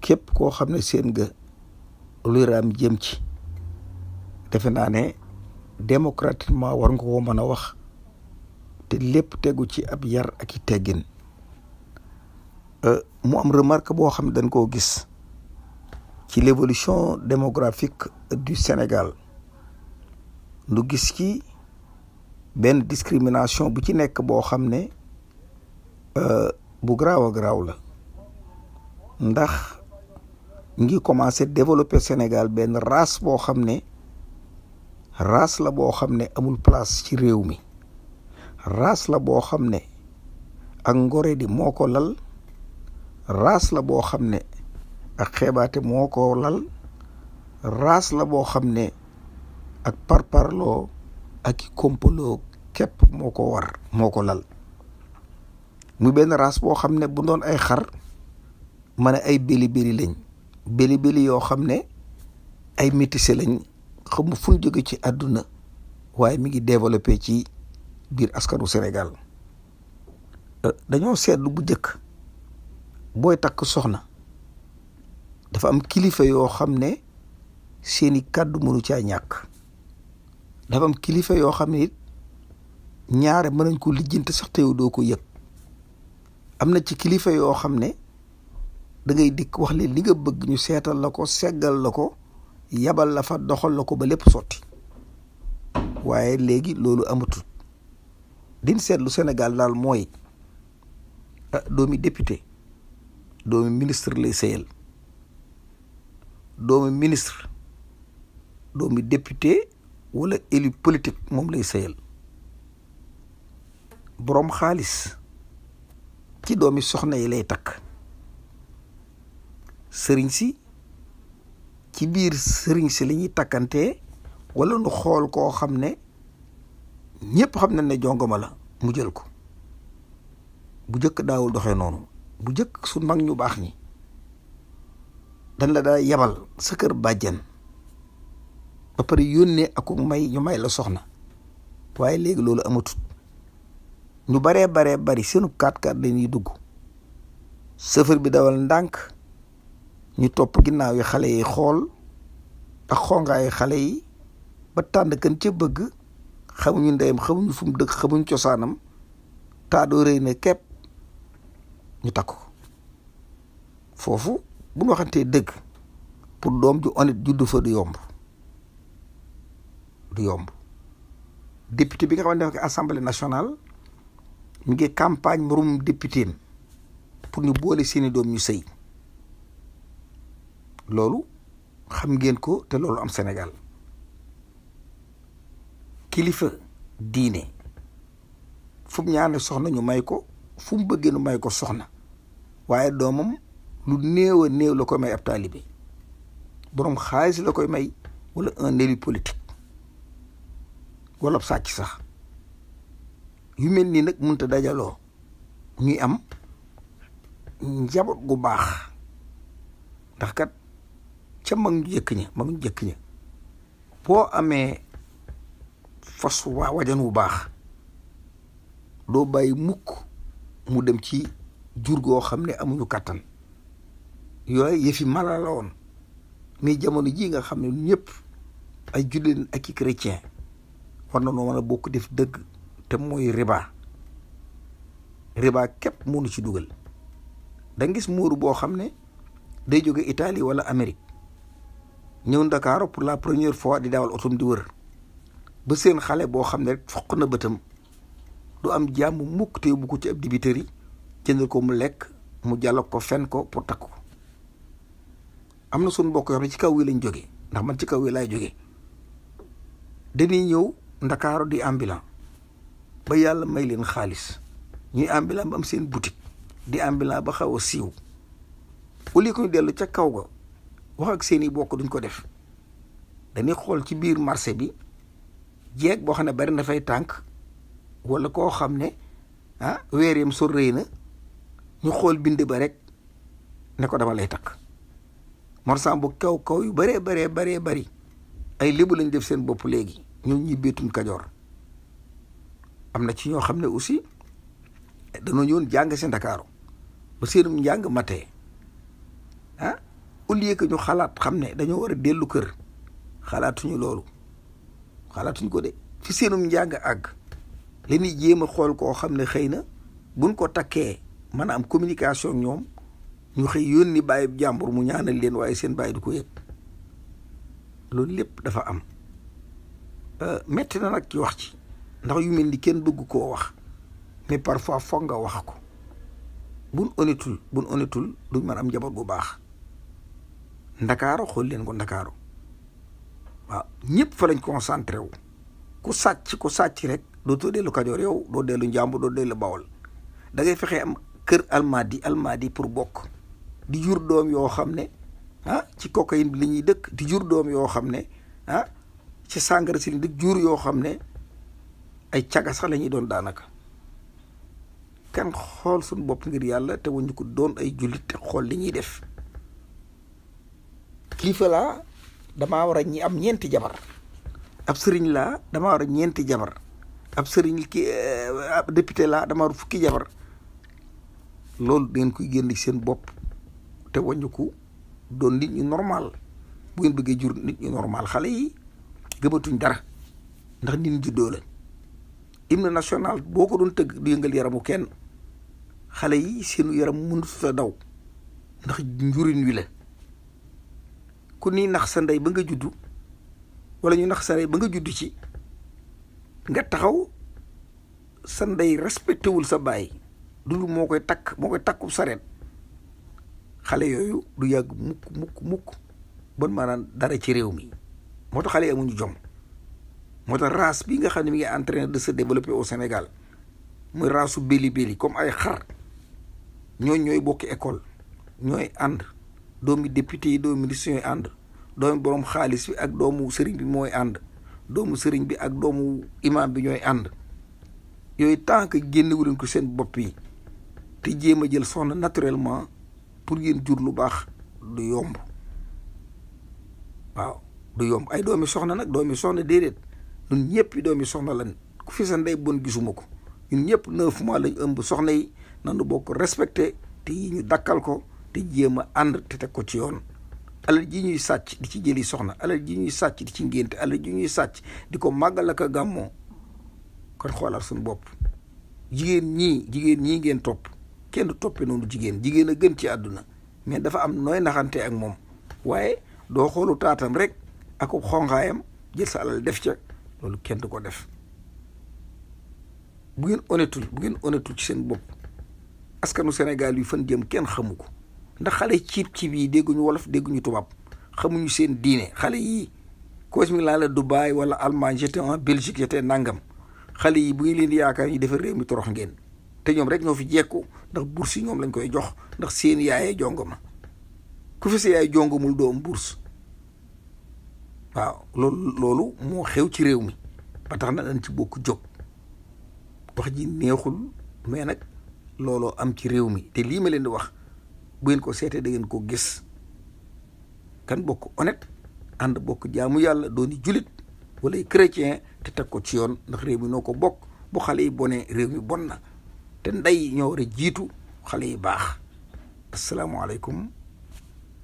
képp koo xam ne seen ga luy raam jëm ci defe naa ne démocratiquement war nga ko mën a wax te lépp tegu ci ab yar ak i teggin euh, mu am remarque boo xam ne dañ koo gis ci l'évolution démographique du Sénégal nu gis ci benn discrimination bu ci nekk boo xam ne euh, bu garaaw a garaaw la ndax ngi commencé développer Sénégal benn race boo xam ne race la boo xam ne amul place ci réew mi race la boo xam ne ak ngore di moo ko lal race la boo xam ne ak xeebaate moo ko lal race la boo xam ne ak parparloo ak i kompaloo képp moo ko war moo ko lal mu benn rase boo xam ne bu doon ay xar ma ne ay béli béli lañ bili bili yoo xam ne ay métissé lañ xam fu ñu jóge ci àdduna waaye mi ngi développé ci biir askanu senegal euh, dañoo seetlu bu njëkk booy takk soxna dafa am kilifa yoo xam ne seeni kàddu mënu caa ñàkk dafa am kilifa yoo xam ne ñaare mën nañ ko lijjante sax te yow doo ko yëg am na ci kilifa yoo xam ne da ngay dikk wax leen li nga bëgg ñu seetal la ko seggal la ko yabal la fa doxal la ko ba lépp sotti waaye léegi loolu amatul din seetlu senegal daal mooy ah, doomi député doomi ministre lay sëyal doomi ministre doomi député wala élu politique moom lay sëyal boroom xaalis ci doomi soxna yi lay takk sëriñ si ci biir sëriñ si la takkante walla nu xool koo xam ne ñépp xam nañ ne jongama la mu jël ko bu jëkk daawul doxee noonu bu jëkk su mag ñu baax ñi dañ la daa yebal sa kër bàjjan ba pare yónnee ak may ñu may la soxna waaye léegi loolu amatut ñu baree bare bari seenu kaat kaat lañuy dugg sëfër bi dawal ndànk ñu top ginnaw yi xalé yi xool ak yi xalé yi ba tand kan ci bëgg xamuñu ndeyam xamuñu fu mu dëkk xamuñu cosaanam taadoo rëy ne kep ñu takku fofu bu ñu xanté dëgg pour dom ju honnête juddu fa du yomb du yomb député bi nga xamante ak assemblée nationale mi ngi campagne murum député pour ñu boole seeni dom ñu sey lolu xam ngeen ko te lolu am Senegal. kilifa diine fum mu ñaane soxna ñu may ko fum bëgge bëggee ñu may ko soxna waaye doomam lu néew a néew la koy may ab talibé borom xaalis la koy may wala un élu politique wala sàcc sax yu mel nii nag mënut a dajaloo ñuy am njabot gu baax ndax kat man mën man yekinye bo amé faswa wajan wu bax do bay mukk mu dem ci jur go xamné amuñu katan yoy yefi mala la won mi jamono ji nga xamné ñepp ay julen ak i chrétien war na no mëna bokk def deug te moy riba riba kep mënu ci duggal da ngis muru bo xamné day joge italie wala amerique ñëw Ndakaaru pour la première fois di dawal otom di wër ba seen xale boo xam ne rek foq na bëtam du am jàmm mukk te bu ko ci ab dibiteri jëndal ko mu lekk mu jàllog ko fen ko pour takk ko am na suñu mbokk yoo ci kaw wi lañ jóge ndax man ci kaw wi laay jóge dañuy ñëw Ndakaaru di ambulant ba yàlla may leen xaalis ñuy ambulant ba am seen boutique di ambulant ba xaw a siiw au lieu que ñu dellu ca kaw ga wax ak seen seeni bokk duñ ko def dañuy xool ci biir marché bi jeeg boo xam ne bari na fay tànk walla koo xam ne ah weereem sor rëy na ñu xool bind ba rek ne ko dama lay takk morsan bu kaw kaw yu baree baree baree bari ay lébu lañ def seen bopp léegi ñu ñibbeetum kajoor am na ci ñoo xam ne aussi dañoo ñëwoon jàng si Ndakaaru ba seenum njàng matee ah au lieu ñu xalaat xam ne dañoo war a dellu kër xalaatuñu loolu xalaatuñ ko de fi seenum njàng àgg li ñuy jéem a xool koo xam ne xëy na buñ ko takkee mën a am communication ñoom ñu xëy yónni bàyyib jàmbur mu ñaanal leen waaye seen bàyyi du ko yëg loolu lépp dafa am euh, metti na nag ci wax ci ndax yu mel ni kenn bëgg koo wax mais parfois foog nga wax ko buñ onetul buñ onetul du mën am njaboot bu baax ndakaaru xool leen ko ndakaaru waaw ñëpp fa lañ concentré wu ku sàcc ku sàcc rek dootoo dellu kajoor yow doo dellu njàmbur doo dellu bawol da ngay fexe am kër almaadi almaadi pour bokk di jur doom yoo xam ne ah ci cocaïne bi li ñuy dëkk di jur doom yoo xam ne ah, ci sàngara si li dëkk jur yoo xam ne ay caga sax la doon daanaka kan xool suñu bopp ngir yàlla te wuñu ko doon ay jullit te xool li ñuy def kilifa laa damaa war a ñi am ñeenti jabar ab sëriñ la dama war a ñeenti jabar ab sëriñ ki eh, ab député laa damaa war fukki jabar loolu dangeen koy génn ci seen bopp te wàññiku doon nit ñu normal bu ngeen bëggee jur nit xale yi gëmatuñ dara ndax nit ñu juddoo lañ national boo ko doon tëgg du yëngal yaramu kenn xale yi seenu yaram mënut a daw ndax njurin wi la ku ni nax sa nday ba nga judd wala ñu nax sa ndey ba nga judd ci nga taxaw sa nday respecté wul sa du lu mo koy tak mo koy takku sareet xalé yoyu du yag mukk mukk mukk bon manan dara ci rew mi motax xalé amuñu jom motax race bi nga xamni mi ngi entraîner de se développer au Sénégal muy raasu béli béli comme ay xar ñoy ñoy bokk école ñoy and doomi député yi doomi ministres Les borom ak bi bi ak imam bi tant que génne ko seen bop yi jël naturellement pour ngeen jur lu bax du yomb waaw du yomb ay doomi soxna nak doomi soxna ñun ñëpp soxna ku fi sa bon gisumako ñun neuf mois lañ ëmb soxna yi nañu bokk respecter te jéem a ànd te teg ko ci yoon alal ji ñuy sàcc di ci jëli soxna alal ji ñuy sàcc di ci ngénte alal ji ñuy sàcc di ko màggal ak gàmmoo kon xoolaat suñu bopp jigéen ñi jigéen ñii ngeen topp kenn toppe noonu jigéen jigéen a gën ci àdduna mais dafa am nooy naxante ak moom waaye doo xoolu taatam rek ak xonqaayam jël sa alal def ca loolu kenn du ko def bu ngeen honnêtul bu ngeen honnêtul ci seen bopp askanu senegal yi fan jëm kenn xamu ko ndax xale ciib-ciib yi dégguñu wolof dégguñu tubaab xamuñu seen diine xale yi cause mi laa la Dubaï wala Allemagne j'étais en Belgique j'étais nangam xale yi bu ñu leen yaakaar ñu defar réew mi torox ngeen te ñoom rek ñoo fi jekku ndax bourse yi ñoom lañ koy jox ndax seen yaayee jongoma ku fi sa yaay jongomul doom bourse waaw loolu moo xew ci réew mi ba tax na dañ ci bokk jóg wax ji neexul mais nag looloo am ci réew mi te lii ma leen di wax bu ngeen ko seetee da ngeen ko gis kan bokk honnête ànd bokk jaamu yàlla dooni julit wala chrétien te teg ko ci yoon ndax réew mi noo ko bokk bu xale yi bone réew mi bon na te ndey ñoo war jiitu xale yi baax asalaamualeykum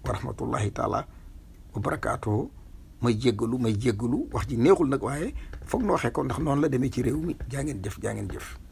wa rahmatullahi taala wa barakaatuhu may jéggalu may jéggalu wax ji neexul nag waaye foog na waxee ko ndax noonu la demee ci réew mi jaa ngeen jëf jaa ngeen jëf